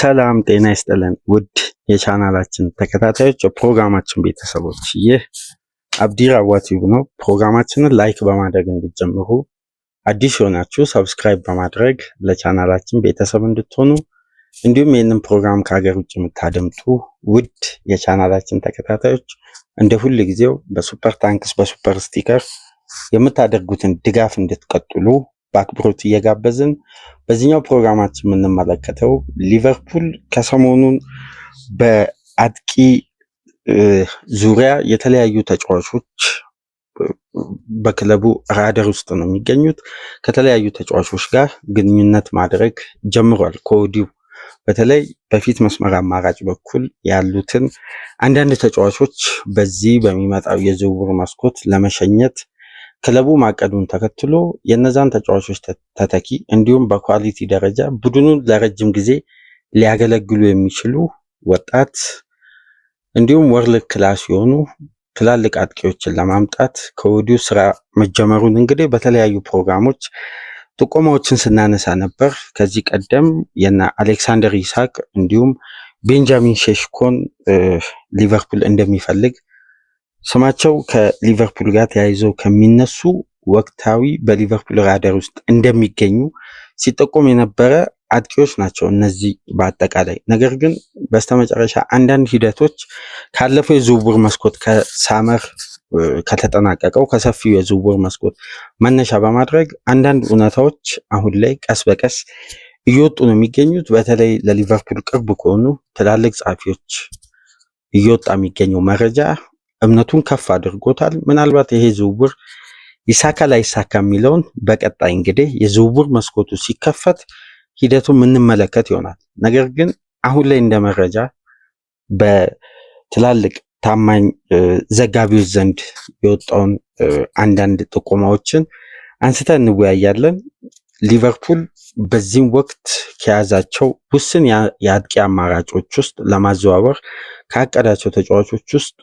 ሰላም ጤና ይስጥልን ውድ የቻናላችን ተከታታዮች፣ የፕሮግራማችን ቤተሰቦች ይህ አብዲ ራዋ ቲዩብ ነው። ፕሮግራማችንን ላይክ በማድረግ እንዲጀምሩ አዲስ የሆናችሁ ሰብስክራይብ በማድረግ ለቻናላችን ቤተሰብ እንድትሆኑ እንዲሁም ይህንን ፕሮግራም ከሀገር ውጭ የምታደምጡ ውድ የቻናላችን ተከታታዮች እንደ ሁል ጊዜው በሱፐር ታንክስ በሱፐር ስቲከር የምታደርጉትን ድጋፍ እንድትቀጥሉ በአክብሮት እየጋበዝን በዚህኛው ፕሮግራማችን የምንመለከተው ሊቨርፑል ከሰሞኑን በአጥቂ ዙሪያ የተለያዩ ተጫዋቾች በክለቡ ራደር ውስጥ ነው የሚገኙት። ከተለያዩ ተጫዋቾች ጋር ግንኙነት ማድረግ ጀምሯል። ከወዲሁ በተለይ በፊት መስመር አማራጭ በኩል ያሉትን አንዳንድ ተጫዋቾች በዚህ በሚመጣው የዝውውር መስኮት ለመሸኘት ክለቡ ማቀዱን ተከትሎ የነዛን ተጫዋቾች ተተኪ እንዲሁም በኳሊቲ ደረጃ ቡድኑን ለረጅም ጊዜ ሊያገለግሉ የሚችሉ ወጣት እንዲሁም ወርልድ ክላስ የሆኑ ትላልቅ አጥቂዎችን ለማምጣት ከወዲሁ ስራ መጀመሩን እንግዲህ በተለያዩ ፕሮግራሞች ጥቆማዎችን ስናነሳ ነበር። ከዚህ ቀደም የነ አሌክሳንደር ኢሳቅ እንዲሁም ቤንጃሚን ሼሽኮን ሊቨርፑል እንደሚፈልግ ስማቸው ከሊቨርፑል ጋር ተያይዘው ከሚነሱ ወቅታዊ በሊቨርፑል ራደር ውስጥ እንደሚገኙ ሲጠቆም የነበረ አጥቂዎች ናቸው እነዚህ በአጠቃላይ። ነገር ግን በስተመጨረሻ አንዳንድ ሂደቶች ካለፈው የዝውውር መስኮት ከሳመር ከተጠናቀቀው ከሰፊው የዝውውር መስኮት መነሻ በማድረግ አንዳንድ እውነታዎች አሁን ላይ ቀስ በቀስ እየወጡ ነው የሚገኙት። በተለይ ለሊቨርፑል ቅርብ ከሆኑ ትላልቅ ጸሐፊዎች እየወጣ የሚገኘው መረጃ እምነቱን ከፍ አድርጎታል። ምናልባት ይሄ ዝውውር ይሳካ ላይሳካ የሚለውን በቀጣይ እንግዲህ የዝውውር መስኮቱ ሲከፈት ሂደቱ የምንመለከት ይሆናል። ነገር ግን አሁን ላይ እንደ መረጃ በትላልቅ ታማኝ ዘጋቢዎች ዘንድ የወጣውን አንዳንድ ጥቆማዎችን አንስተን እንወያያለን። ሊቨርፑል በዚህም ወቅት ከያዛቸው ውስን የአጥቂ አማራጮች ውስጥ ለማዘዋወር ካቀዳቸው ተጫዋቾች ውስጥ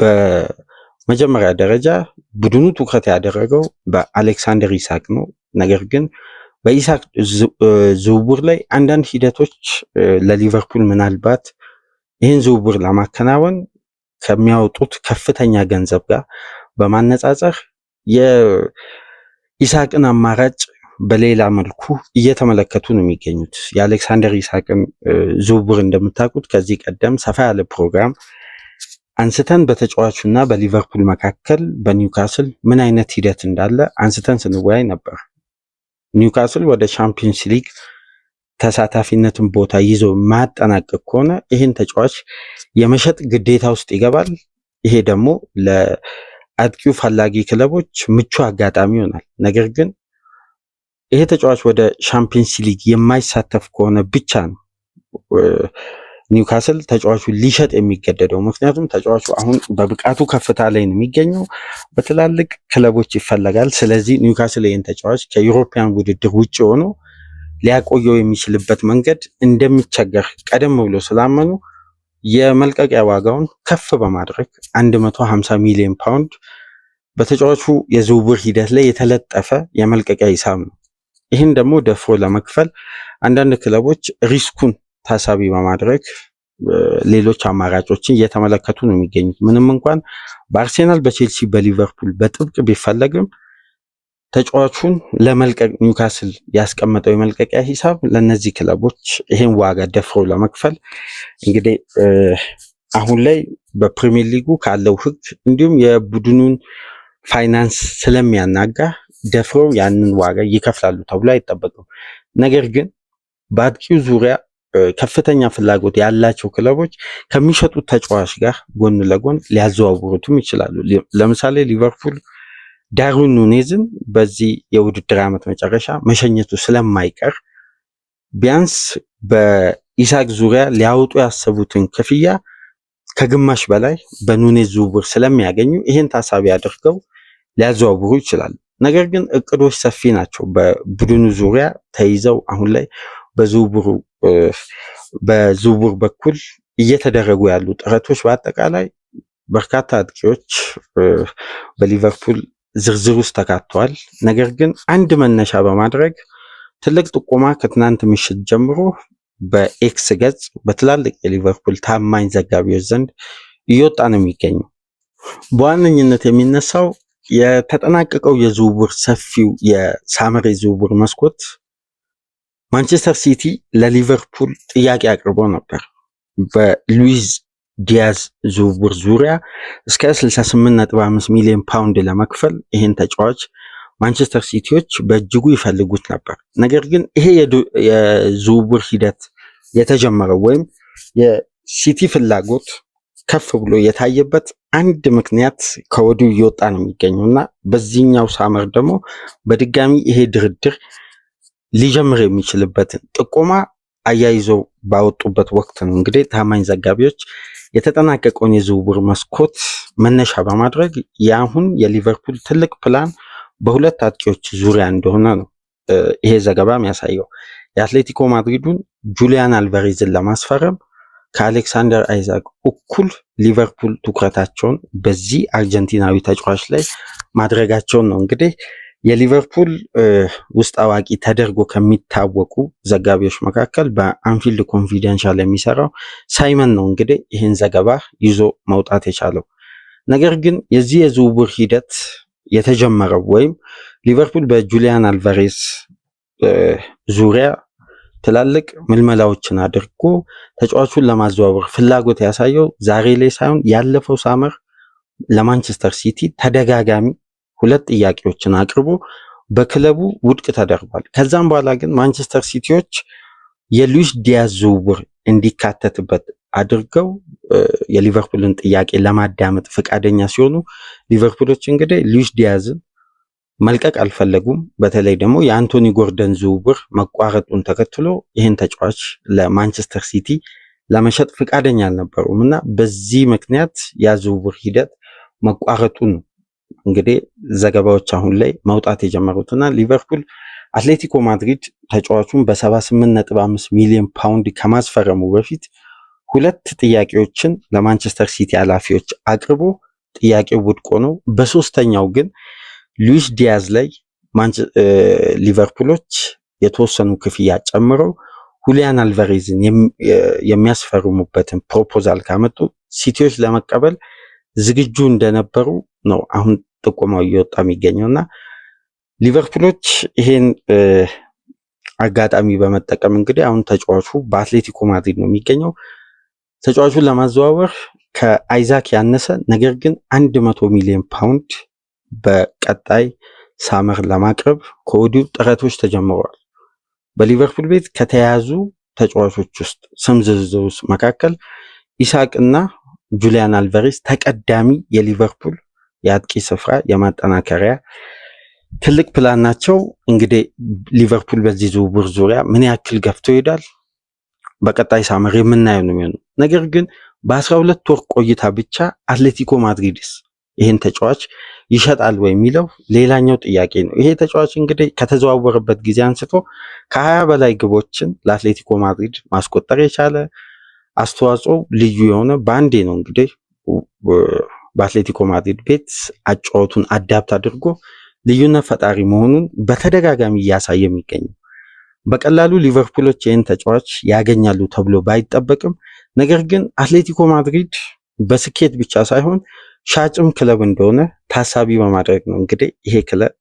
በመጀመሪያ ደረጃ ቡድኑ ትኩረት ያደረገው በአሌክሳንደር ኢሳቅ ነው። ነገር ግን በኢሳቅ ዝውውር ላይ አንዳንድ ሂደቶች ለሊቨርፑል ምናልባት ይህን ዝውውር ለማከናወን ከሚያወጡት ከፍተኛ ገንዘብ ጋር በማነጻጸር የኢሳቅን አማራጭ በሌላ መልኩ እየተመለከቱ ነው የሚገኙት። የአሌክሳንደር ኢሳቅን ዝውውር እንደምታውቁት ከዚህ ቀደም ሰፋ ያለ ፕሮግራም አንስተን በተጫዋቹ እና በሊቨርፑል መካከል በኒውካስል ምን አይነት ሂደት እንዳለ አንስተን ስንወያይ ነበር። ኒውካስል ወደ ቻምፒየንስ ሊግ ተሳታፊነትን ቦታ ይዞ ማጠናቀቅ ከሆነ ይህን ተጫዋች የመሸጥ ግዴታ ውስጥ ይገባል። ይሄ ደግሞ ለአጥቂው ፈላጊ ክለቦች ምቹ አጋጣሚ ይሆናል። ነገር ግን ይሄ ተጫዋች ወደ ቻምፒየንስ ሊግ የማይሳተፍ ከሆነ ብቻ ነው ኒውካስል ተጫዋቹ ሊሸጥ የሚገደደው ምክንያቱም ተጫዋቹ አሁን በብቃቱ ከፍታ ላይ ነው የሚገኘው፣ በትላልቅ ክለቦች ይፈለጋል። ስለዚህ ኒውካስል ይህን ተጫዋች ከዩሮፒያን ውድድር ውጭ ሆኖ ሊያቆየው የሚችልበት መንገድ እንደሚቸገር ቀደም ብሎ ስላመኑ የመልቀቂያ ዋጋውን ከፍ በማድረግ 150 ሚሊዮን ፓውንድ በተጫዋቹ የዝውውር ሂደት ላይ የተለጠፈ የመልቀቂያ ሂሳብ ነው። ይህን ደግሞ ደፍሮ ለመክፈል አንዳንድ ክለቦች ሪስኩን ታሳቢ በማድረግ ሌሎች አማራጮችን እየተመለከቱ ነው የሚገኙት። ምንም እንኳን በአርሴናል፣ በቼልሲ፣ በሊቨርፑል በጥብቅ ቢፈለግም ተጫዋቹን ለመልቀቅ ኒውካስል ያስቀመጠው የመልቀቂያ ሂሳብ ለእነዚህ ክለቦች ይህን ዋጋ ደፍሮ ለመክፈል እንግዲህ አሁን ላይ በፕሪሚየር ሊጉ ካለው ሕግ እንዲሁም የቡድኑን ፋይናንስ ስለሚያናጋ ደፍረው ያንን ዋጋ ይከፍላሉ ተብሎ አይጠበቅም። ነገር ግን በአጥቂው ዙሪያ ከፍተኛ ፍላጎት ያላቸው ክለቦች ከሚሸጡት ተጫዋች ጋር ጎን ለጎን ሊያዘዋውሩትም ይችላሉ። ለምሳሌ ሊቨርፑል ዳርዊን ኑኔዝን በዚህ የውድድር ዓመት መጨረሻ መሸኘቱ ስለማይቀር ቢያንስ በኢሳቅ ዙሪያ ሊያወጡ ያሰቡትን ክፍያ ከግማሽ በላይ በኑኔዝ ዝውውር ስለሚያገኙ ይህን ታሳቢ አድርገው ሊያዘዋውሩ ይችላሉ። ነገር ግን እቅዶች ሰፊ ናቸው። በቡድኑ ዙሪያ ተይዘው አሁን ላይ በዝውውሩ በዝውውር በኩል እየተደረጉ ያሉ ጥረቶች በአጠቃላይ በርካታ አጥቂዎች በሊቨርፑል ዝርዝር ውስጥ ተካተዋል። ነገር ግን አንድ መነሻ በማድረግ ትልቅ ጥቆማ ከትናንት ምሽት ጀምሮ በኤክስ ገጽ በትላልቅ የሊቨርፑል ታማኝ ዘጋቢዎች ዘንድ እየወጣ ነው የሚገኘው። በዋነኝነት የሚነሳው የተጠናቀቀው የዝውውር ሰፊው የሳመሬ ዝውውር መስኮት ማንቸስተር ሲቲ ለሊቨርፑል ጥያቄ አቅርቦ ነበር በሉዊዝ ዲያዝ ዝውውር ዙሪያ እስከ 68.5 ሚሊዮን ፓውንድ ለመክፈል ይህን ተጫዋች ማንቸስተር ሲቲዎች በእጅጉ ይፈልጉት ነበር። ነገር ግን ይሄ የዝውውር ሂደት የተጀመረው ወይም የሲቲ ፍላጎት ከፍ ብሎ የታየበት አንድ ምክንያት ከወዲሁ እየወጣ ነው የሚገኘው እና በዚህኛው ሳመር ደግሞ በድጋሚ ይሄ ድርድር ሊጀምር የሚችልበትን ጥቆማ አያይዘው ባወጡበት ወቅት ነው። እንግዲህ ታማኝ ዘጋቢዎች የተጠናቀቀውን የዝውውር መስኮት መነሻ በማድረግ የአሁን የሊቨርፑል ትልቅ ፕላን በሁለት አጥቂዎች ዙሪያ እንደሆነ ነው ይሄ ዘገባ የሚያሳየው። የአትሌቲኮ ማድሪዱን ጁሊያን አልቫሬዝን ለማስፈረም ከአሌክሳንደር አይዛክ እኩል ሊቨርፑል ትኩረታቸውን በዚህ አርጀንቲናዊ ተጫዋች ላይ ማድረጋቸውን ነው እንግዲህ የሊቨርፑል ውስጥ አዋቂ ተደርጎ ከሚታወቁ ዘጋቢዎች መካከል በአንፊልድ ኮንፊደንሻል የሚሰራው ሳይመን ነው እንግዲህ ይህን ዘገባ ይዞ መውጣት የቻለው። ነገር ግን የዚህ የዝውውር ሂደት የተጀመረው ወይም ሊቨርፑል በጁሊያን አልቫሬስ ዙሪያ ትላልቅ ምልመላዎችን አድርጎ ተጫዋቹን ለማዘዋወር ፍላጎት ያሳየው ዛሬ ላይ ሳይሆን ያለፈው ሳመር ለማንቸስተር ሲቲ ተደጋጋሚ ሁለት ጥያቄዎችን አቅርቦ በክለቡ ውድቅ ተደርጓል። ከዛም በኋላ ግን ማንቸስተር ሲቲዎች የሉዊስ ዲያዝ ዝውውር እንዲካተትበት አድርገው የሊቨርፑልን ጥያቄ ለማዳመጥ ፈቃደኛ ሲሆኑ ሊቨርፑሎች እንግዲህ ሉዊስ ዲያዝን መልቀቅ አልፈለጉም። በተለይ ደግሞ የአንቶኒ ጎርደን ዝውውር መቋረጡን ተከትሎ ይህን ተጫዋች ለማንቸስተር ሲቲ ለመሸጥ ፈቃደኛ አልነበሩም እና በዚህ ምክንያት ያ ዝውውር ሂደት መቋረጡን እንግዲህ ዘገባዎች አሁን ላይ መውጣት የጀመሩት እና ሊቨርፑል አትሌቲኮ ማድሪድ ተጫዋቹን በ78.5 ሚሊዮን ፓውንድ ከማስፈረሙ በፊት ሁለት ጥያቄዎችን ለማንቸስተር ሲቲ ኃላፊዎች አቅርቦ ጥያቄው ውድቅ ሆኖ በሶስተኛው ግን ሉዊስ ዲያዝ ላይ ሊቨርፑሎች የተወሰኑ ክፍያ ጨምረው ሁሊያን አልቫሬዝን የሚያስፈርሙበትን ፕሮፖዛል ካመጡ ሲቲዎች ለመቀበል ዝግጁ እንደነበሩ ነው አሁን ጥቆማው እየወጣ የሚገኘው እና ሊቨርፑሎች ይሄን አጋጣሚ በመጠቀም እንግዲህ አሁን ተጫዋቹ በአትሌቲኮ ማድሪድ ነው የሚገኘው። ተጫዋቹን ለማዘዋወር ከአይዛክ ያነሰ ነገር ግን አንድ መቶ ሚሊዮን ፓውንድ በቀጣይ ሳመር ለማቅረብ ከወዲሁ ጥረቶች ተጀምረዋል። በሊቨርፑል ቤት ከተያዙ ተጫዋቾች ውስጥ ስም ዝርዝር ውስጥ መካከል ኢሳቅ እና ጁሊያን አልቫሬዝ ተቀዳሚ የሊቨርፑል የአጥቂ ስፍራ የማጠናከሪያ ትልቅ ፕላን ናቸው። እንግዲህ ሊቨርፑል በዚህ ዝውውር ዙሪያ ምን ያክል ገፍቶ ይሄዳል በቀጣይ ሳምር የምናየው ነው የሚሆነው። ነገር ግን በአስራ ሁለት ወር ቆይታ ብቻ አትሌቲኮ ማድሪድስ ይህን ተጫዋች ይሸጣል ወይ የሚለው ሌላኛው ጥያቄ ነው። ይሄ ተጫዋች እንግዲህ ከተዘዋወረበት ጊዜ አንስቶ ከሀያ በላይ ግቦችን ለአትሌቲኮ ማድሪድ ማስቆጠር የቻለ አስተዋጽኦ ልዩ የሆነ በአንዴ ነው እንግዲህ በአትሌቲኮ ማድሪድ ቤት አጫወቱን አዳብት አድርጎ ልዩነት ፈጣሪ መሆኑን በተደጋጋሚ እያሳየ የሚገኝ በቀላሉ ሊቨርፑሎች ይህን ተጫዋች ያገኛሉ ተብሎ ባይጠበቅም፣ ነገር ግን አትሌቲኮ ማድሪድ በስኬት ብቻ ሳይሆን ሻጭም ክለብ እንደሆነ ታሳቢ በማድረግ ነው። እንግዲህ ይሄ ክለብ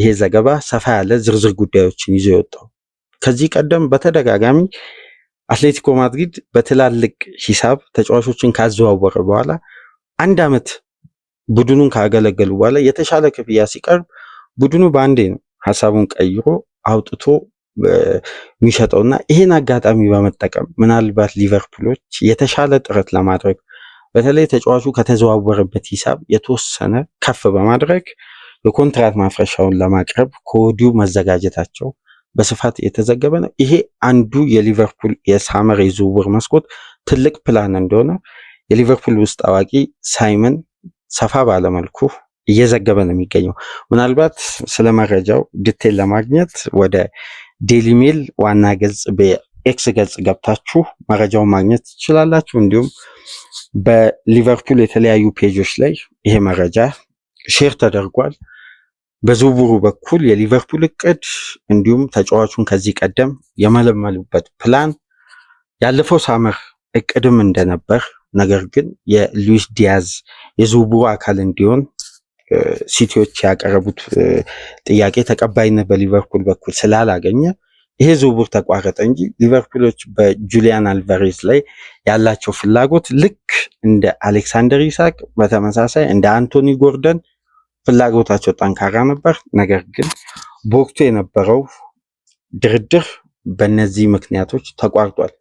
ይሄ ዘገባ ሰፋ ያለ ዝርዝር ጉዳዮችን ይዞ የወጣው ከዚህ ቀደም በተደጋጋሚ አትሌቲኮ ማድሪድ በትላልቅ ሂሳብ ተጫዋቾችን ካዘዋወረ በኋላ አንድ ዓመት ቡድኑን ካገለገሉ በኋላ የተሻለ ክፍያ ሲቀርብ ቡድኑ በአንዴ ነው ሀሳቡን ቀይሮ አውጥቶ የሚሸጠው እና ይህን አጋጣሚ በመጠቀም ምናልባት ሊቨርፑሎች የተሻለ ጥረት ለማድረግ በተለይ ተጫዋቹ ከተዘዋወረበት ሂሳብ የተወሰነ ከፍ በማድረግ የኮንትራት ማፍረሻውን ለማቅረብ ከወዲሁ መዘጋጀታቸው በስፋት የተዘገበ ነው። ይሄ አንዱ የሊቨርፑል የሳመር የዝውውር መስኮት ትልቅ ፕላን እንደሆነ የሊቨርፑል ውስጥ አዋቂ ሳይመን ሰፋ ባለመልኩ እየዘገበ ነው የሚገኘው። ምናልባት ስለ መረጃው ዲቴል ለማግኘት ወደ ዴሊ ሜል ዋና ገጽ በኤክስ ገጽ ገብታችሁ መረጃውን ማግኘት ትችላላችሁ። እንዲሁም በሊቨርፑል የተለያዩ ፔጆች ላይ ይሄ መረጃ ሼር ተደርጓል። በዝውውሩ በኩል የሊቨርፑል እቅድ እንዲሁም ተጫዋቹን ከዚህ ቀደም የመለመሉበት ፕላን ያለፈው ሳመር እቅድም እንደነበር ነገር ግን የሉዊስ ዲያዝ የዝውውሩ አካል እንዲሆን ሲቲዎች ያቀረቡት ጥያቄ ተቀባይነት በሊቨርፑል በኩል ስላላገኘ ይሄ ዝውውር ተቋረጠ እንጂ ሊቨርፑሎች በጁሊያን አልቫሬዝ ላይ ያላቸው ፍላጎት ልክ እንደ አሌክሳንደር ኢሳቅ በተመሳሳይ እንደ አንቶኒ ጎርደን ፍላጎታቸው ጠንካራ ነበር። ነገር ግን በወቅቱ የነበረው ድርድር በእነዚህ ምክንያቶች ተቋርጧል።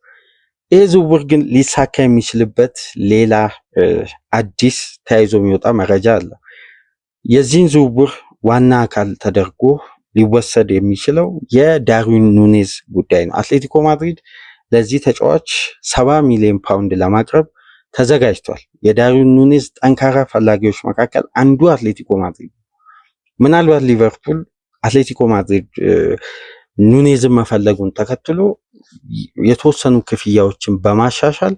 ይህ ዝውውር ግን ሊሳካ የሚችልበት ሌላ አዲስ ተያይዞ የሚወጣ መረጃ አለ። የዚህን ዝውውር ዋና አካል ተደርጎ ሊወሰድ የሚችለው የዳርዊን ኑኔዝ ጉዳይ ነው። አትሌቲኮ ማድሪድ ለዚህ ተጫዋች ሰባ ሚሊዮን ፓውንድ ለማቅረብ ተዘጋጅቷል። የዳርዊን ኑኔዝ ጠንካራ ፈላጊዎች መካከል አንዱ አትሌቲኮ ማድሪድ ነው። ምናልባት ሊቨርፑል አትሌቲኮ ማድሪድ ኑኔዝን መፈለጉን ተከትሎ የተወሰኑ ክፍያዎችን በማሻሻል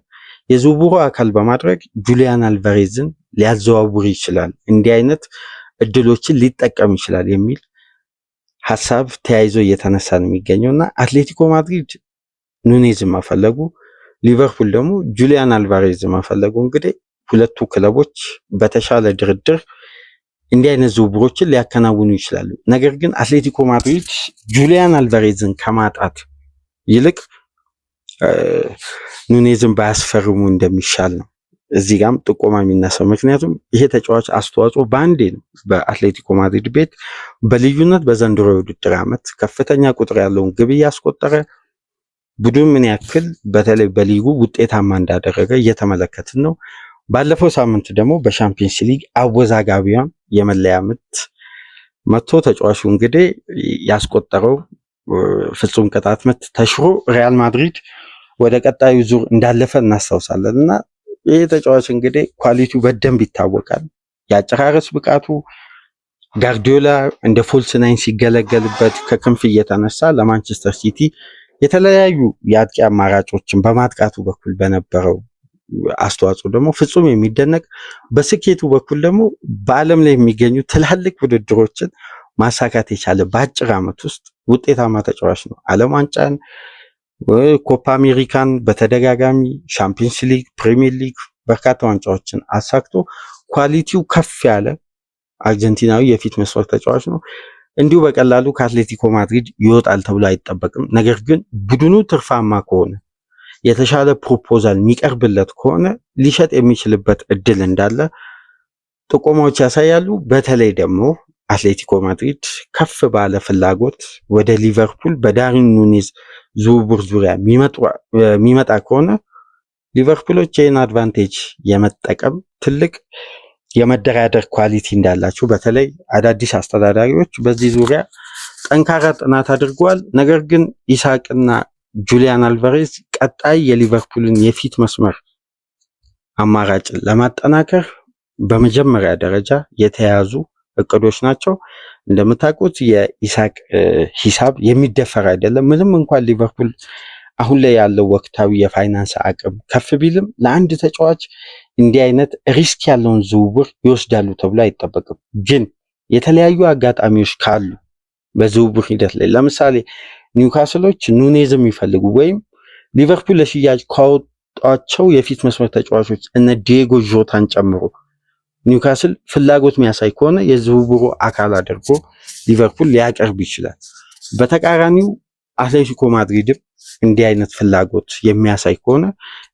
የዝውውሩ አካል በማድረግ ጁሊያን አልቫሬዝን ሊያዘዋውር ይችላል፣ እንዲህ አይነት እድሎችን ሊጠቀም ይችላል የሚል ሀሳብ ተያይዞ እየተነሳ ነው የሚገኘው እና አትሌቲኮ ማድሪድ ኑኔዝ መፈለጉ፣ ሊቨርፑል ደግሞ ጁሊያን አልቫሬዝ መፈለጉ እንግዲህ ሁለቱ ክለቦች በተሻለ ድርድር እንዲህ አይነት ዝውውሮችን ሊያከናውኑ ይችላሉ። ነገር ግን አትሌቲኮ ማድሪድ ጁሊያን አልቫሬዝን ከማጣት ይልቅ ኑኔዝን ባያስፈርሙ እንደሚሻል ነው እዚህ ጋም ጥቆማ የሚነሳው። ምክንያቱም ይሄ ተጫዋች አስተዋጽኦ በአንዴ ነው በአትሌቲኮ ማድሪድ ቤት በልዩነት በዘንድሮ የውድድር ዓመት ከፍተኛ ቁጥር ያለውን ግብ እያስቆጠረ ቡድን ምን ያክል በተለይ በሊጉ ውጤታማ እንዳደረገ እየተመለከትን ነው። ባለፈው ሳምንት ደግሞ በሻምፒየንስ ሊግ አወዛጋቢዋን የመለያ ምት መቶ ተጫዋቹ እንግዲህ ያስቆጠረው ፍጹም ቅጣት ምት ተሽሮ ሪያል ማድሪድ ወደ ቀጣዩ ዙር እንዳለፈ እናስታውሳለን እና ይህ ተጫዋች እንግዲህ ኳሊቲው በደንብ ይታወቃል። የአጨራረስ ብቃቱ ጋርዲዮላ እንደ ፎልስ ናይን ሲገለገልበት ከክንፍ እየተነሳ ለማንቸስተር ሲቲ የተለያዩ የአጥቂ አማራጮችን በማጥቃቱ በኩል በነበረው አስተዋጽኦ ደግሞ ፍጹም የሚደነቅ በስኬቱ በኩል ደግሞ በዓለም ላይ የሚገኙ ትላልቅ ውድድሮችን ማሳካት የቻለ በአጭር ዓመት ውስጥ ውጤታማ ተጫዋች ነው። ዓለም ዋንጫን፣ ኮፓ አሜሪካን በተደጋጋሚ ሻምፒየንስ ሊግ፣ ፕሪሚየር ሊግ በርካታ ዋንጫዎችን አሳክቶ ኳሊቲው ከፍ ያለ አርጀንቲናዊ የፊት መስመር ተጫዋች ነው። እንዲሁ በቀላሉ ከአትሌቲኮ ማድሪድ ይወጣል ተብሎ አይጠበቅም። ነገር ግን ቡድኑ ትርፋማ ከሆነ የተሻለ ፕሮፖዛል የሚቀርብለት ከሆነ ሊሸጥ የሚችልበት እድል እንዳለ ጥቆማዎች ያሳያሉ። በተለይ ደግሞ አትሌቲኮ ማድሪድ ከፍ ባለ ፍላጎት ወደ ሊቨርፑል በዳሪን ኑኔዝ ዝውውር ዙሪያ የሚመጣ ከሆነ ሊቨርፑሎች ይህን አድቫንቴጅ የመጠቀም ትልቅ የመደራደር ኳሊቲ እንዳላቸው በተለይ አዳዲስ አስተዳዳሪዎች በዚህ ዙሪያ ጠንካራ ጥናት አድርገዋል። ነገር ግን ኢሳቅና ጁሊያን አልቫሬዝ ቀጣይ የሊቨርፑልን የፊት መስመር አማራጭን ለማጠናከር በመጀመሪያ ደረጃ የተያዙ እቅዶች ናቸው። እንደምታውቁት የኢሳቅ ሂሳብ የሚደፈር አይደለም። ምንም እንኳን ሊቨርፑል አሁን ላይ ያለው ወቅታዊ የፋይናንስ አቅም ከፍ ቢልም ለአንድ ተጫዋች እንዲህ አይነት ሪስክ ያለውን ዝውውር ይወስዳሉ ተብሎ አይጠበቅም። ግን የተለያዩ አጋጣሚዎች ካሉ በዝውውር ሂደት ላይ ለምሳሌ ኒውካስሎች ኑኔዝ የሚፈልጉ ወይም ሊቨርፑል ለሽያጭ ካወጧቸው የፊት መስመር ተጫዋቾች እነ ዲየጎ ዦታን ጨምሮ ኒውካስል ፍላጎት የሚያሳይ ከሆነ የዝውውሩ አካል አድርጎ ሊቨርፑል ሊያቀርብ ይችላል። በተቃራኒው አትሌቲኮ ማድሪድም እንዲህ አይነት ፍላጎት የሚያሳይ ከሆነ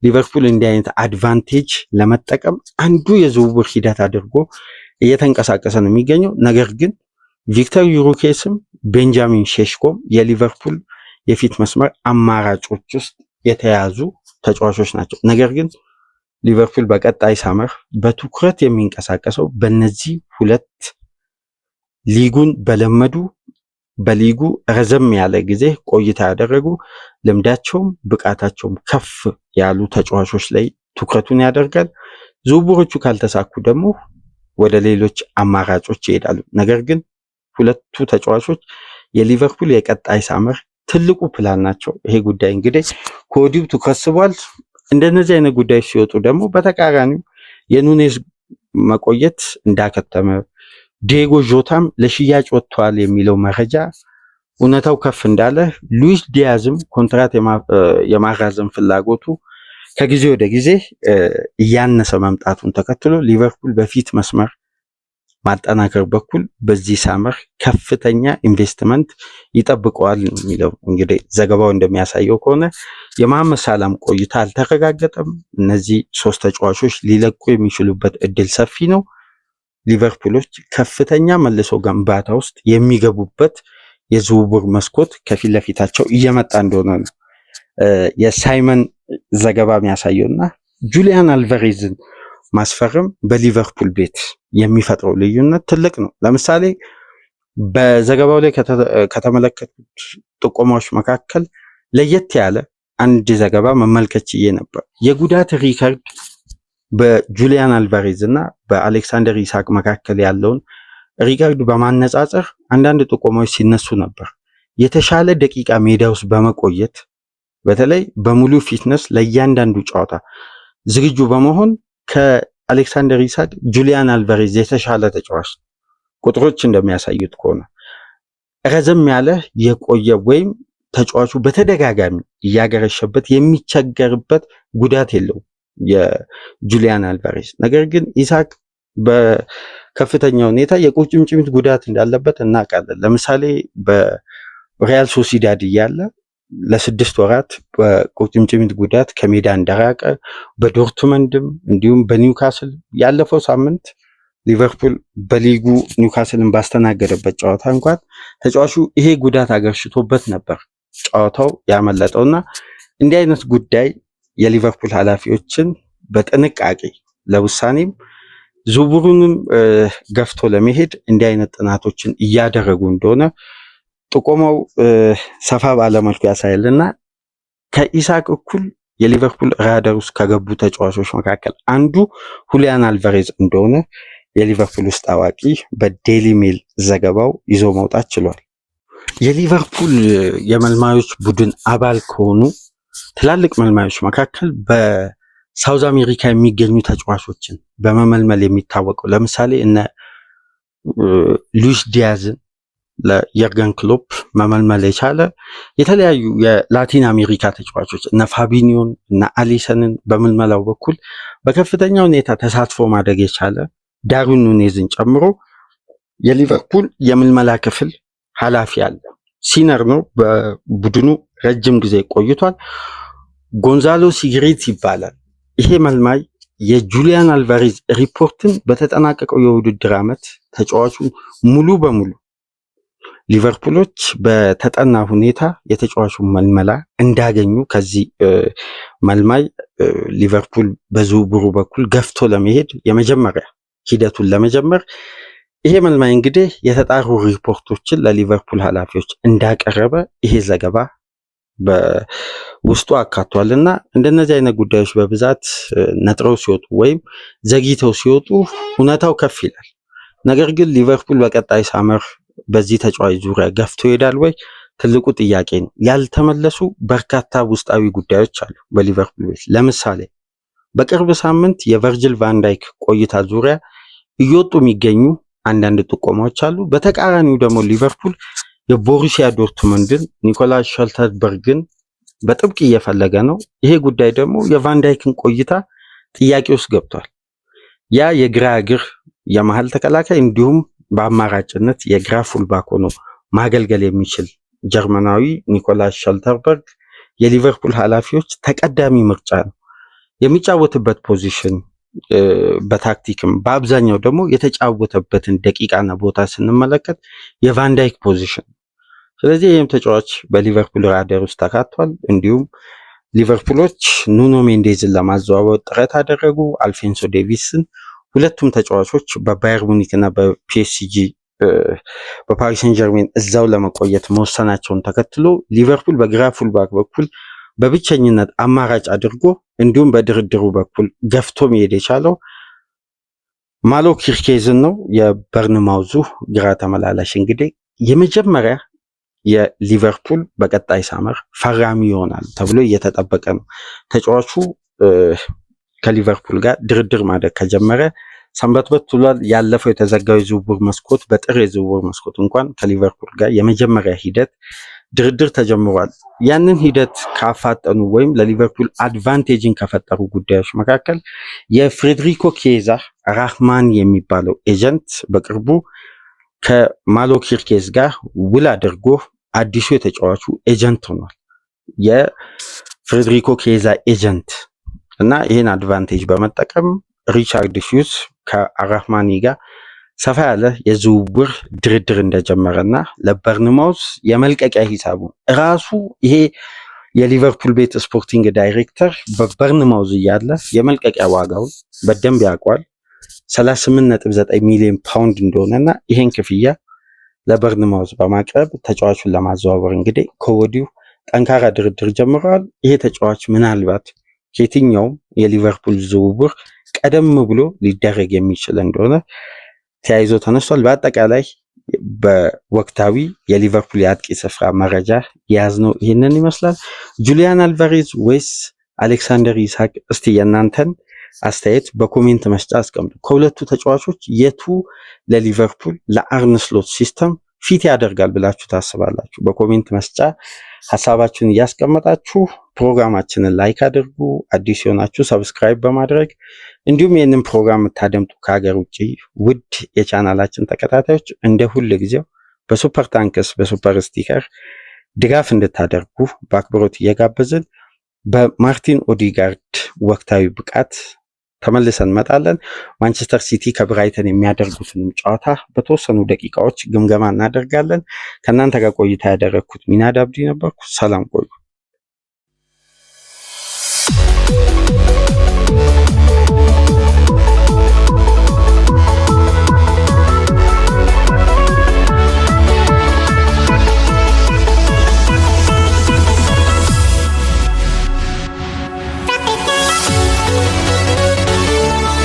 ሊቨርፑል እንዲህ አይነት አድቫንቴጅ ለመጠቀም አንዱ የዝውውር ሂደት አድርጎ እየተንቀሳቀሰ ነው የሚገኘው። ነገር ግን ቪክተር ዩሩኬስም ቤንጃሚን ሼሽኮም የሊቨርፑል የፊት መስመር አማራጮች ውስጥ የተያዙ ተጫዋቾች ናቸው። ነገር ግን ሊቨርፑል በቀጣይ ሳመር በትኩረት የሚንቀሳቀሰው በነዚህ ሁለት ሊጉን በለመዱ በሊጉ ረዘም ያለ ጊዜ ቆይታ ያደረጉ ልምዳቸውም ብቃታቸውም ከፍ ያሉ ተጫዋቾች ላይ ትኩረቱን ያደርጋል። ዝውውሮቹ ካልተሳኩ ደግሞ ወደ ሌሎች አማራጮች ይሄዳሉ። ነገር ግን ሁለቱ ተጫዋቾች የሊቨርፑል የቀጣይ ሳመር ትልቁ ፕላን ናቸው። ይሄ ጉዳይ እንግዲህ ከወዲሁ ትኩረት ስቧል። እንደነዚህ አይነት ጉዳዮች ሲወጡ ደግሞ በተቃራኒው የኑኔዝ መቆየት እንዳከተመ ዲየጎ ጆታም ለሽያጭ ወጥቷል የሚለው መረጃ እውነታው ከፍ እንዳለ ሉዊስ ዲያዝም ኮንትራት የማራዘም ፍላጎቱ ከጊዜ ወደ ጊዜ እያነሰ መምጣቱን ተከትሎ ሊቨርፑል በፊት መስመር ማጠናከር በኩል በዚህ ሳመር ከፍተኛ ኢንቨስትመንት ይጠብቀዋል የሚለው እንግዲህ ዘገባው እንደሚያሳየው ከሆነ የመሐመድ ሳላም ቆይታ አልተረጋገጠም። እነዚህ ሶስት ተጫዋቾች ሊለቁ የሚችሉበት እድል ሰፊ ነው። ሊቨርፑሎች ከፍተኛ መልሶ ግንባታ ውስጥ የሚገቡበት የዝውውር መስኮት ከፊት ለፊታቸው እየመጣ እንደሆነ ነው የሳይመን ዘገባ የሚያሳየውና ጁሊያን አልቨሬዝን ማስፈርም በሊቨርፑል ቤት የሚፈጥረው ልዩነት ትልቅ ነው። ለምሳሌ በዘገባው ላይ ከተመለከቱት ጥቆማዎች መካከል ለየት ያለ አንድ ዘገባ መመልከት ችዬ ነበር። የጉዳት ሪከርድ በጁሊያን አልቫሬዝ እና በአሌክሳንደር ኢሳቅ መካከል ያለውን ሪከርድ በማነጻጸር አንዳንድ ጥቆማዎች ሲነሱ ነበር። የተሻለ ደቂቃ ሜዳ ውስጥ በመቆየት በተለይ በሙሉ ፊትነስ ለእያንዳንዱ ጨዋታ ዝግጁ በመሆን ከአሌክሳንደር ኢሳቅ ጁሊያን አልቫሬዝ የተሻለ ተጫዋች ነው። ቁጥሮች እንደሚያሳዩት ከሆነ ረዘም ያለ የቆየ ወይም ተጫዋቹ በተደጋጋሚ እያገረሸበት የሚቸገርበት ጉዳት የለው የጁሊያን አልቫሬዝ። ነገር ግን ኢሳቅ በከፍተኛ ሁኔታ የቁርጭምጭሚት ጉዳት እንዳለበት እናውቃለን። ለምሳሌ በሪያል ሶሲዳድ እያለ ለስድስት ወራት በቁርጭምጭሚት ጉዳት ከሜዳ እንደራቀ በዶርትመንድም እንዲሁም በኒውካስል ያለፈው ሳምንት ሊቨርፑል በሊጉ ኒውካስልን ባስተናገደበት ጨዋታ እንኳን ተጫዋቹ ይሄ ጉዳት አገርሽቶበት ነበር ጨዋታው ያመለጠው እና እንዲህ አይነት ጉዳይ የሊቨርፑል ኃላፊዎችን በጥንቃቄ ለውሳኔም ዝውውሩንም ገፍቶ ለመሄድ እንዲህ አይነት ጥናቶችን እያደረጉ እንደሆነ ጥቆመው ሰፋ ባለመልኩ ያሳያል እና ከኢሳቅ እኩል የሊቨርፑል ራዳር ውስጥ ከገቡ ተጫዋቾች መካከል አንዱ ሁሊያን አልቫሬዝ እንደሆነ የሊቨርፑል ውስጥ አዋቂ በዴሊ ሜል ዘገባው ይዞ መውጣት ችሏል። የሊቨርፑል የመልማዮች ቡድን አባል ከሆኑ ትላልቅ መልማዮች መካከል በሳውዝ አሜሪካ የሚገኙ ተጫዋቾችን በመመልመል የሚታወቀው ለምሳሌ እነ ሉዊስ ዲያዝን ለየርገን ክሎፕ መመልመል የቻለ የተለያዩ የላቲን አሜሪካ ተጫዋቾች እነ ፋቢኒዮን እና አሊሰንን በምልመላው በኩል በከፍተኛ ሁኔታ ተሳትፎ ማድረግ የቻለ ዳርዊን ኑኔዝን ጨምሮ የሊቨርፑል የምልመላ ክፍል ኃላፊ አለ። ሲነር ነው። በቡድኑ ረጅም ጊዜ ቆይቷል። ጎንዛሎ ሲግሪት ይባላል። ይሄ መልማይ የጁሊያን አልቫሬዝ ሪፖርትን በተጠናቀቀው የውድድር ዓመት ተጫዋቹ ሙሉ በሙሉ ሊቨርፑሎች በተጠና ሁኔታ የተጫዋቹ መልመላ እንዳገኙ ከዚህ መልማይ ሊቨርፑል በዝውውሩ በኩል ገፍቶ ለመሄድ የመጀመሪያ ሂደቱን ለመጀመር ይሄ መልማይ እንግዲህ የተጣሩ ሪፖርቶችን ለሊቨርፑል ኃላፊዎች እንዳቀረበ ይሄ ዘገባ በውስጡ አካቷል እና እንደነዚህ አይነት ጉዳዮች በብዛት ነጥረው ሲወጡ ወይም ዘግይተው ሲወጡ እውነታው ከፍ ይላል። ነገር ግን ሊቨርፑል በቀጣይ ሳመር በዚህ ተጫዋች ዙሪያ ገፍቶ ይሄዳል ወይ? ትልቁ ጥያቄ ነው። ያልተመለሱ በርካታ ውስጣዊ ጉዳዮች አሉ በሊቨርፑል ቤት። ለምሳሌ በቅርብ ሳምንት የቨርጅል ቫንዳይክ ቆይታ ዙሪያ እየወጡ የሚገኙ አንዳንድ ጥቆማዎች አሉ። በተቃራኒው ደግሞ ሊቨርፑል የቦሩሲያ ዶርትሙንድን ኒኮላስ ሸልተርበርግን በጥብቅ እየፈለገ ነው። ይሄ ጉዳይ ደግሞ የቫንዳይክን ቆይታ ጥያቄ ውስጥ ገብቷል። ያ የግራ እግር የመሀል ተከላካይ እንዲሁም በአማራጭነት የግራ ፉልባክ ሆኖ ማገልገል የሚችል ጀርመናዊ ኒኮላስ ሸልተርበርግ የሊቨርፑል ኃላፊዎች ተቀዳሚ ምርጫ ነው። የሚጫወትበት ፖዚሽን በታክቲክም በአብዛኛው ደግሞ የተጫወተበትን ደቂቃና ቦታ ስንመለከት የቫንዳይክ ፖዚሽን። ስለዚህ ይህም ተጫዋች በሊቨርፑል ራደር ውስጥ ተካቷል። እንዲሁም ሊቨርፑሎች ኑኖ ሜንዴዝን ለማዘዋወር ጥረት አደረጉ። አልፌንሶ ዴቪስን ሁለቱም ተጫዋቾች በባየር ሙኒክ እና በፒኤስጂ በፓሪስ ሰን ጀርሜን እዛው ለመቆየት መወሰናቸውን ተከትሎ ሊቨርፑል በግራ ፉልባክ በኩል በብቸኝነት አማራጭ አድርጎ እንዲሁም በድርድሩ በኩል ገፍቶ መሄድ የቻለው ማሎ ኪርኬዝን ነው። የበርንማውዙ ግራ ተመላላሽ እንግዲህ የመጀመሪያ የሊቨርፑል በቀጣይ ሳመር ፈራሚ ይሆናል ተብሎ እየተጠበቀ ነው ተጫዋቹ ከሊቨርፑል ጋር ድርድር ማድረግ ከጀመረ ሰንበትበት ብሏል። ያለፈው የተዘጋው የዝውውር መስኮት በጥር የዝውውር መስኮት እንኳን ከሊቨርፑል ጋር የመጀመሪያ ሂደት ድርድር ተጀምሯል። ያንን ሂደት ካፋጠኑ ወይም ለሊቨርፑል አድቫንቴጅን ከፈጠሩ ጉዳዮች መካከል የፍሬድሪኮ ኬዛ ራህማን የሚባለው ኤጀንት በቅርቡ ከማሎ ኪርኬዝ ጋር ውል አድርጎ አዲሱ የተጫዋቹ ኤጀንት ሆኗል። የፍሬድሪኮ ኬዛ ኤጀንት እና ይህን አድቫንቴጅ በመጠቀም ሪቻርድ ሂውስ ከአራህማኒ ጋር ሰፋ ያለ የዝውውር ድርድር እንደጀመረ እና ለበርንማውስ የመልቀቂያ ሂሳቡ ራሱ ይሄ የሊቨርፑል ቤት ስፖርቲንግ ዳይሬክተር በበርንማውዝ እያለ የመልቀቂያ ዋጋውን በደንብ ያውቋል። 38.9 ሚሊዮን ፓውንድ እንደሆነና ይሄን ክፍያ ለበርንማውዝ በማቅረብ ተጫዋቹን ለማዘዋወር እንግዲህ ከወዲሁ ጠንካራ ድርድር ጀምረዋል። ይሄ ተጫዋች ምናልባት ከየትኛውም የሊቨርፑል ዝውውር ቀደም ብሎ ሊደረግ የሚችል እንደሆነ ተያይዞ ተነስቷል። በአጠቃላይ በወቅታዊ የሊቨርፑል የአጥቂ ስፍራ መረጃ የያዝነው ይህንን ይመስላል። ጁሊያን አልቫሬዝ ወይስ አሌክሳንደር ኢሳቅ? እስቲ የእናንተን አስተያየት በኮሜንት መስጫ አስቀምጡ። ከሁለቱ ተጫዋቾች የቱ ለሊቨርፑል ለአርነ ስሎት ሲስተም ፊት ያደርጋል ብላችሁ ታስባላችሁ? በኮሜንት መስጫ ሀሳባችሁን እያስቀመጣችሁ ፕሮግራማችንን ላይክ አድርጉ። አዲስ የሆናችሁ ሰብስክራይብ በማድረግ እንዲሁም ይህንን ፕሮግራም የምታደምጡ ከሀገር ውጭ ውድ የቻናላችን ተከታታዮች እንደ ሁል ጊዜው በሱፐር ታንክስ በሱፐር ስቲከር ድጋፍ እንድታደርጉ በአክብሮት እየጋበዝን በማርቲን ኦዲጋርድ ወቅታዊ ብቃት ተመልሰን እንመጣለን። ማንቸስተር ሲቲ ከብራይተን የሚያደርጉትንም ጨዋታ በተወሰኑ ደቂቃዎች ግምገማ እናደርጋለን። ከእናንተ ጋር ቆይታ ያደረግኩት ሚናዳብዲ ነበርኩ። ሰላም ቆዩ።